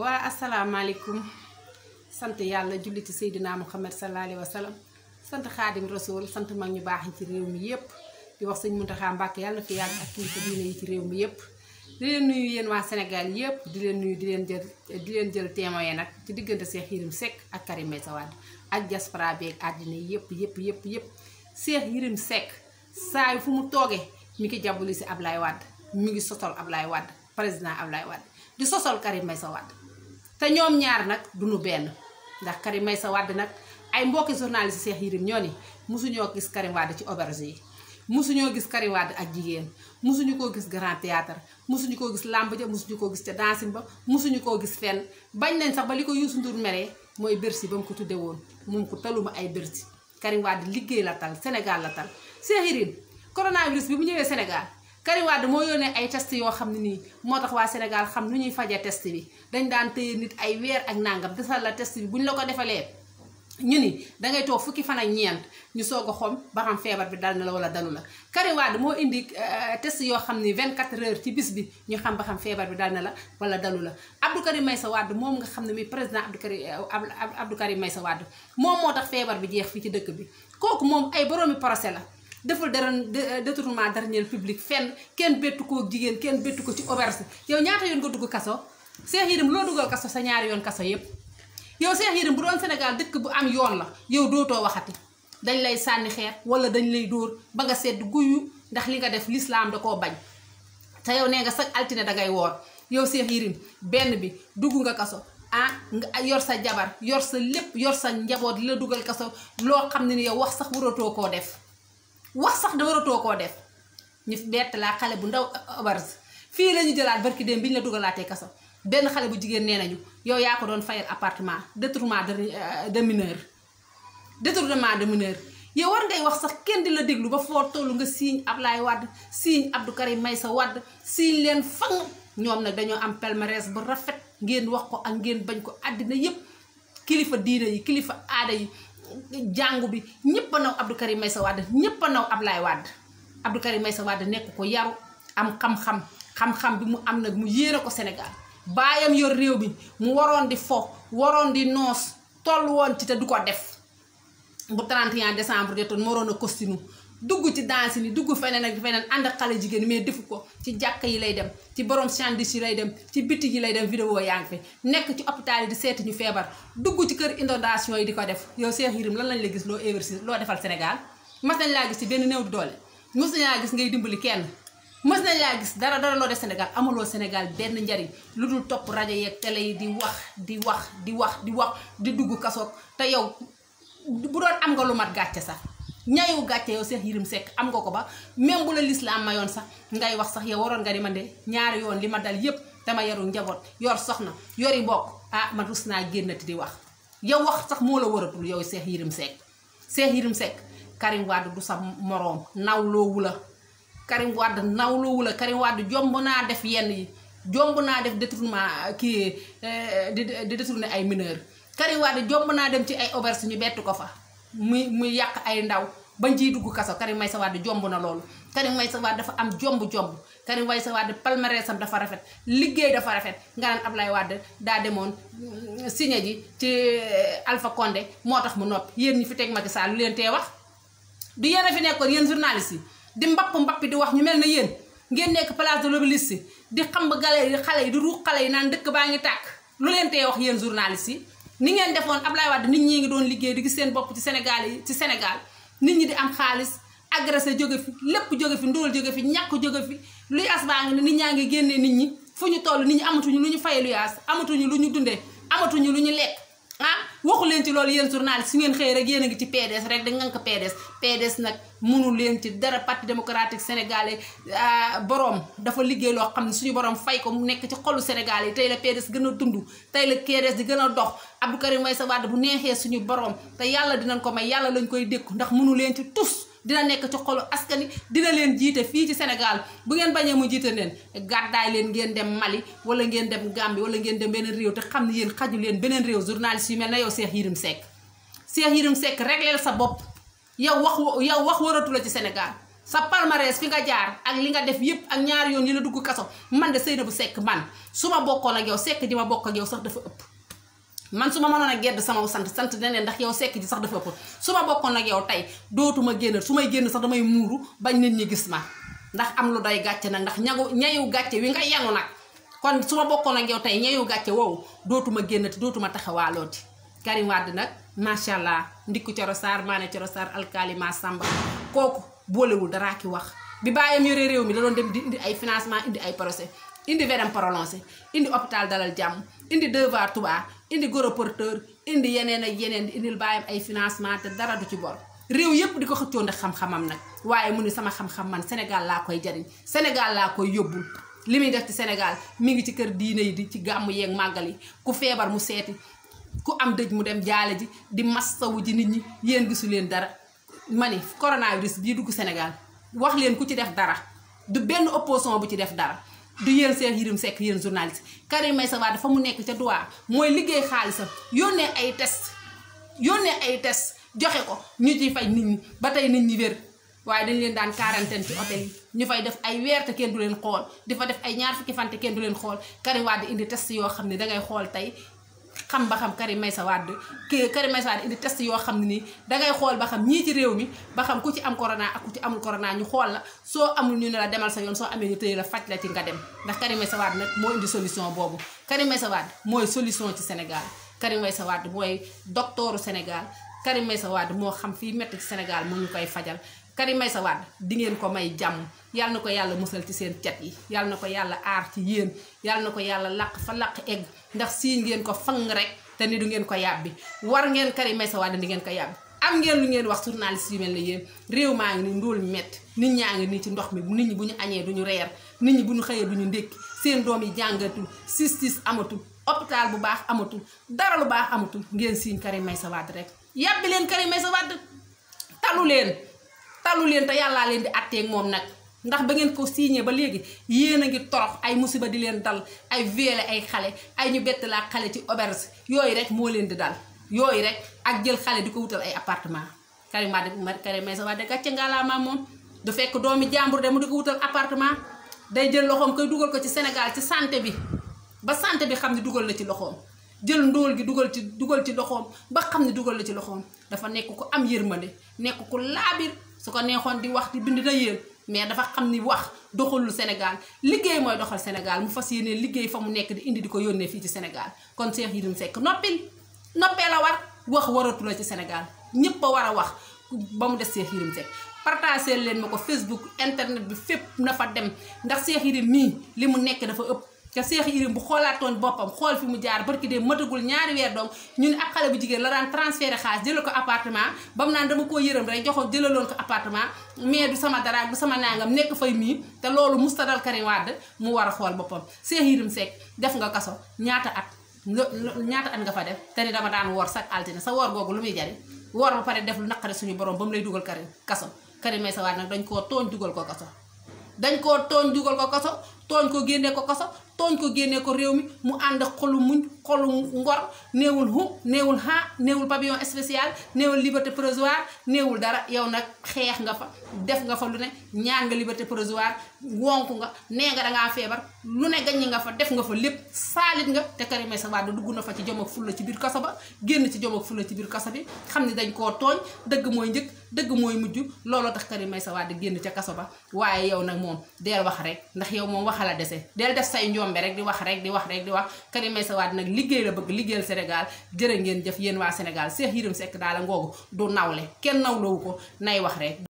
waa asalaamaaleykum sant yàlla julliti Seydina Muhammad sallallahu alayhi wa sallam sant xaadim rasool sant mag ñu baax ci réew mi yépp di wax sëñ Muntaxa Mbàkke yàlla fi yàgg ak kilifa diine yi ci réew mi yépp di leen nuyu yéen waa senegal yépp di leen nuyu di leen jël di leen jël témoin nag ci diggante Cheikh Yérim Seck ak Karim Meïssa Wade ak diaspora bi ak àddina yépp yépp yépp yépp Cheikh Yérim Seck saa yu fu mu toogee mi ngi jàbbali si Ablaye Wade mi ngi sosol Ablaye Wade président Ablaye Wade di sosol Karim Meïssa Wade te ñoom ñaar nag du duñu benn ndax kari may sa wadd nag ay mbokki journaliste Cheikh Yérim ñoo ni musuñoo gis Karim Wade ci auberge yi gis Karim ak jigéen musuñu koo gis grand théâtre musuñu koo gis làmb ja musuñu koo gis ca dansin ba musuñu koo gis fenn bañ nañ sax ba li ko Youssou Ndour meree mooy Bercy ba mu ko tudde woon moom ko taluma ay Bercy Karim Wade liggéey la tal Sénégal la tal Cheikh Yérim coronavirus bi mu ñëwee Sénégal Karim Wade moo yónnee ay test yoo xam ne nii moo tax waa Sénégal xam nu ñuy faje test bi dañ daan téye nit ay weer ak nàngam defal la test bi ñu la ko defalee ñu ni dangay toog fukki fan ak ñeent ñu soog a xom ba xam feebar bi dal na la wala dalu la Karim Wade moo indi euh, test yoo xam ni 24 heures ci bis bi ñu xam xam feebar bi dal la wala dalu la Abdou Karim Meïssa Wade moom nga xam ne muy président Abdou Karim Abdou Karim Meïssa Wade moom moo tax feebar bi jeex fii ci dëkk bi kooku moom ay boroomi procès la deful dara euh, détournement dernier public fenn kenn bettu koo jigéen kenn bettu ko ci auberge yow ñaata yoon nga dugg kaso Cheikh Yérim loo dugal kaso sa ñaari yoon kaso yépp yow Cheikh bu doon Sénégal dëkk bu am yoon la yow dootoo waxati dañ lay sànni xeer wala dañ lay dóor ba nga sedd guyu ndax li nga def lislaam da koo bañ te yow nee nga sax altine dangay woon yow Cheikh Yérim benn bi dugg nga kaso ah nga yor sa jabar yor sa lépp yor sa njaboot la dugal kaso loo xam ne ni yow wax sax waratoo koo def wax sax da waratoo koo def ñu bett laa xale bu ndaw obars fii la ñu jëlaat barki démb bi ñu la dugalaatee kaso benn xale bu jigéen nee nañu yow yaa ko doon fayal appartement détournement de euh, mineur détournement de mineur yow war ngay wax sax kenn di la déglu ba foo toll nga siiñ Ablaye Wade siiñ Abdou Karim sa wadd siiñ leen fang ñoom nag dañoo am palmarès ba rafet ngeen wax ko ak ngeen bañ ko àddina yépp kilifa diina yi kilifa aada yi jàngu bi ñëpp a naw Abdou Karim Meïssa Wade ñëpp a naw Ablaye Wade Abdou Karim Meïssa Wade nekk ko yaru am xam-xam xam-xam bi mu am nag mu yéene ko senegal baayam yor réew bi mu waroon di fo waroon di noos toll woon ci te du ko def bu 31 desembre jotoon mu waroon a costinu dugg ci danse ni dugg feneen ak feneen ànd ak xale jigéen mais defu ko ci jàkk yi lay dem ci borom sandwich yi lay dem ci bitig yi lay dem vidéo yaa ngi fi nekk ci hôpital yi di seeti ñu feebar dugg ci kër inondation yi di ko def yow Cheikh Yérim lan lañ la gis loo investir loo defal Sénégal mas nañ laa gis ci benn néew doole mas nañ laa gis ngay dimbali kenn mës nañ laa gis dara dara loo def Sénégal amuloo Sénégal benn njariñ lu dul topp rajo yeeg télé yi di wax di wax di wax di wax di dugg kasoog te yow bu doon am nga lu mat gàcce sax ñaayu gàcce yow Cheikh Yérim sekk am nga ko ba même bu la lislaam mayoon sax ngay wax sax yow waroon nga di man de ñaari yoon li ma dal yépp dama yaru njaboot yor soxna yi bokk ah man rus naa ti di wax yow wax sax moo la waratul yow Cheikh Yérim Seck Cheikh Yérim Seck Karim Wade du sa moroom nawloowu la Karim Wade nawloowu la Karim Wade jomb naa def yenn yi jomb naa def détournement kii euh, di détourner ay mineur Karim Wade jomb naa dem ci ay auberge ñu bett ko fa muy muy yàq ay ndaw bañ ciy dugg kaso Karim Meïssa Wade jomb na loolu Karim Meïssa Wade dafa am jomb-jomb Karim Meïssa Wade palmarèsam dafa rafet liggéey dafa rafet nga naan Ablaye Wade daa demoon mm, signé ji ci euh, Alpha Condé moo tax mu noppi yéen ñi fi teg Macky Sall lu leen tee wax du yéen a fi nekkoon yéen journaliste yi di mbapp mbapp di wax ñu mel na yéen ngeen nekk place de l'Obélisque di xam ba gale yi xale yi di ruux xale yi naan dëkk baa ngi tàkk lu leen tee wax yéen journaliste yi ni ngeen defoon Ablaye Wade nit ñi ngi doon liggéey di gis seen bopp ci Sénégal yi ci Sénégal nit ñi di am xaalis agressé jóge fi lépp jóge fi ndóol jóge fi ñàkk jóge fi luyaas baa ngi nit ñaa ngi génnee nit ñi fu ñu toll nit ñi amatuñu lu ñu fay luyaas amatuñu lu ñu dundee amatuñu lu ñu lekk ah waxu leen ci loolu yéen journaliste su ngeen xëy rek yéen ngi ci PDS rek da nga ko PDS PDS nag munu leen ci dara parti démocratique sénégalais ah, borom dafa liggéey loo xam ne suñu borom fay ko mu nekk ci xolu Sénégal yi tey la pedes gën a dund tey la PDS di gën a dox Abdou Karim Meïssa Wade bu neexee suñu borom te yàlla dinañ ko may yàlla lañ koy dékku ndax munu leen ci tus dina nekk ci xolu askan wi dina leen jiite fii ci Sénégal bu ngeen bañee mu jiite leen gàddaay leen ngeen dem Mali wala ngeen dem Gambie wala ngeen dem beneen réew te xam ne yéen xaju leen beneen réew journaliste yu mel na yow Cheikh sekk Seck Cheikh Yérim Seck régleel sa bopp yow wax yow wax waratu ci Sénégal sa palmarès fi nga jaar ak li nga def yépp ak ñaari yoon yi la dugg kaso man de bu sekk man su ma bokkoon ak yow sekk di ma bokk ak yow sax dafa ëpp man su ma mënoon a gedd sama sant sant neneen ndax yow sekk ji sax dafa ëpp su ma bokkoon ak yow tey dootuma génn su may génn sax damay muuru bañ nit ñi gis ma ndax am lu day gàcce nag ndax ñagu ñayu gàcce wi nga yanu nag kon su ma bokkoon ak yow tey ñayu gàcce woowu dootuma génn te dootuma taxawaalooti Karim Wade nag macha allah ndikku Coro Sarr Mané Coro Sarr alkaali ma Samba kooku boolewul daraa ki wax bi bàyyam yore réew mi la doon dem di indi ay financement indi ay procès indi Védem prolongé indi hôpital dalal jàmm indi Devoir Touba indi gros indi yeneen ak yeneen indil bàyyam ay financement te dara du ci bor réew yépp di ko xëccoo ndax xam-xamam nag waaye mu ni sama xam-xam man Sénégal laa koy jariñ Sénégal laa koy yóbbul li muy def ci Sénégal mi ngi ci kër diine yi di ci gàmmu yeeg màggali ku feebar mu seeti ku am dëj mu dem jaale ji di massawu ji nit ñi yéen gisu leen dara ma ni coronavirus bii dugg Sénégal wax leen ku ci def dara du benn opposition bu ci def dara du yéen Cheikh sekk Seck yéen journaliste Karim Meïssa Wade dafa mu nekk ca duwaa mooy liggéey xaalisam yónnee ay test yónnee ay test joxe ko ñu ci fay nit ñi ba tey nit ñi wér waaye dañ leen daan quarantaine ci hôtel ñu fay def ay weer te kenn du leen xool di fa def ay ñaar fukki fan kenn du leen xool waa di indi test yoo xam ne dangay xool tey xam ba xam Karim Meïssa Wade kii Karim Meïssa Wade indi test yoo xam ni nii dangay xool ba xam ñii ci réew mi ba xam ku ci am corona ak ku ci amul corona ñu xool la soo amul ñu ne la demal sa yoon soo amee ñu tëye la faj la ci nga dem ndax Karim Meïssa Wade nag moo indi solution boobu kari may sa Wade mooy solution ci Sénégal Karim sa Wade mooy doktooru Sénégal Karim Meïssa Wade moo xam fii metti ci Sénégal mu ñu koy fajal Karim Meïssa Wade di ngeen ko may jàmm yal na ko yàlla musal ci seen cat yi yal na ko yàlla aar ci yéen yal na ko yàlla làq fa làq egg ndax sii ngeen ko fang rek te ni du ngeen ko yàbbi war ngeen Karim Meïssa Wade di ngeen ko yàbbi am ngeen lu ngeen wax journaliste yu mel ne yéen réew maa ngi ni ndóol mett nit ñaa ngi nii ci ndox mi nit ñi bu ñu añee duñu reer nit ñi bu ñu xëyee ñu ndékki seen doom yi jàngatul justice amatul hôpital bu baax amatul dara lu baax amatul ngeen siiñ Karim Meïssa Wade rek yàbbi leen Karim Meïssa Wade talu leen talu leen te yàllaa leen di àtteeg moom nag ndax ba ngeen ko signé ba léegi yéen a ngi torox ay musiba di leen dal ay viole ay xale ay ñu bett laa xale ci auberge yooyu rek moo leen di dal yooyu rek ak jël xale di ko wutal ay appartement Karim sa Karim de Wade gàcce ngaalaamaam moom du fekk doomi jàmbur de mu di ko wutal appartement day jël loxoom koy dugal ko ci Sénégal ci sante bi ba santé bi xam ne dugal na ci loxoom jël ndool gi dugal ci dugal ci loxoom ba xam ne dugal la ci loxoom dafa nekk ko am yërmande nekk ku laabir su ko neexoon di wax di bind na yéen mais dafa xam ni wax doxalul Sénégal liggéey mooy doxal Sénégal mu fas yéene liggéey fa mu nekk di indi di ko yónnee fii ci Sénégal kon Cheikh Yérim Seck noppil noppee la war wax waratu ci Sénégal ñëpp a war a wax ba mu des Cheikh Yérim Seck partagé leen ma ko Facebook internet bi fépp na fa dem ndax Cheikh Yérim mii li mu nekk dafa ëpp. ca Seex Irim bu xoolaatoon boppam xool fi mu jaar barki de matagul ñaari weer doom ñu ne ab xale bu jigéen la daan transféré xaalis jëlal ko appartement ba mu naan dama koo yërëm rek joxoon jëlaloon ko appartement mais sama dara du sama nangam nekk fay mii te loolu mustadal Karim Wade mu war a xool boppam Seex Irim Seck def nga kaso ñaata at ñaata at nga fa def te ni dama daan woor sax altine sa woor boobu lu muy jariñ woor ba pare def lu naqari suñu borom ba mu lay dugal Karim kaso Karim Meïssa Wade nag dañ ko dañ koo tooñ dugal ko kaso ko ko kaso tooñ ko génnee ko réew mi mu ànd xolu muñ xolu ngor néewul hu néewul ha néewul pavillon spécial néewul liberté provisoire néewul dara yow nag xeex nga fa def nga fa lu ne ñaan nga liberté provisoire wonku nga nee nga dangaa feebar lu ne gaññi nga fa def nga fa lépp saalit nga te Karim sa Wade dugg na fa ci jom ak fulla ci biir kaso ba génn ci jom ak fulla ci biir kaso bi xam ne dañ koo tooñ dëgg mooy njëkk dëgg mooy mujj looloo tax Karim Meïssa Wade génn ca kaso ba waaye yow nag moom deel wax rek ndax yow moom waxala dese deel yombe rek di wax rek di wax rek di wax Karim Meïssa Wade nag liggéey la bëgg liggéeyal Sénégal jërë ngeen jëf yéen waa Sénégal Cheikh Yérim Seck daal la ngoogu du nawle kenn nawloowu ko nay wax rek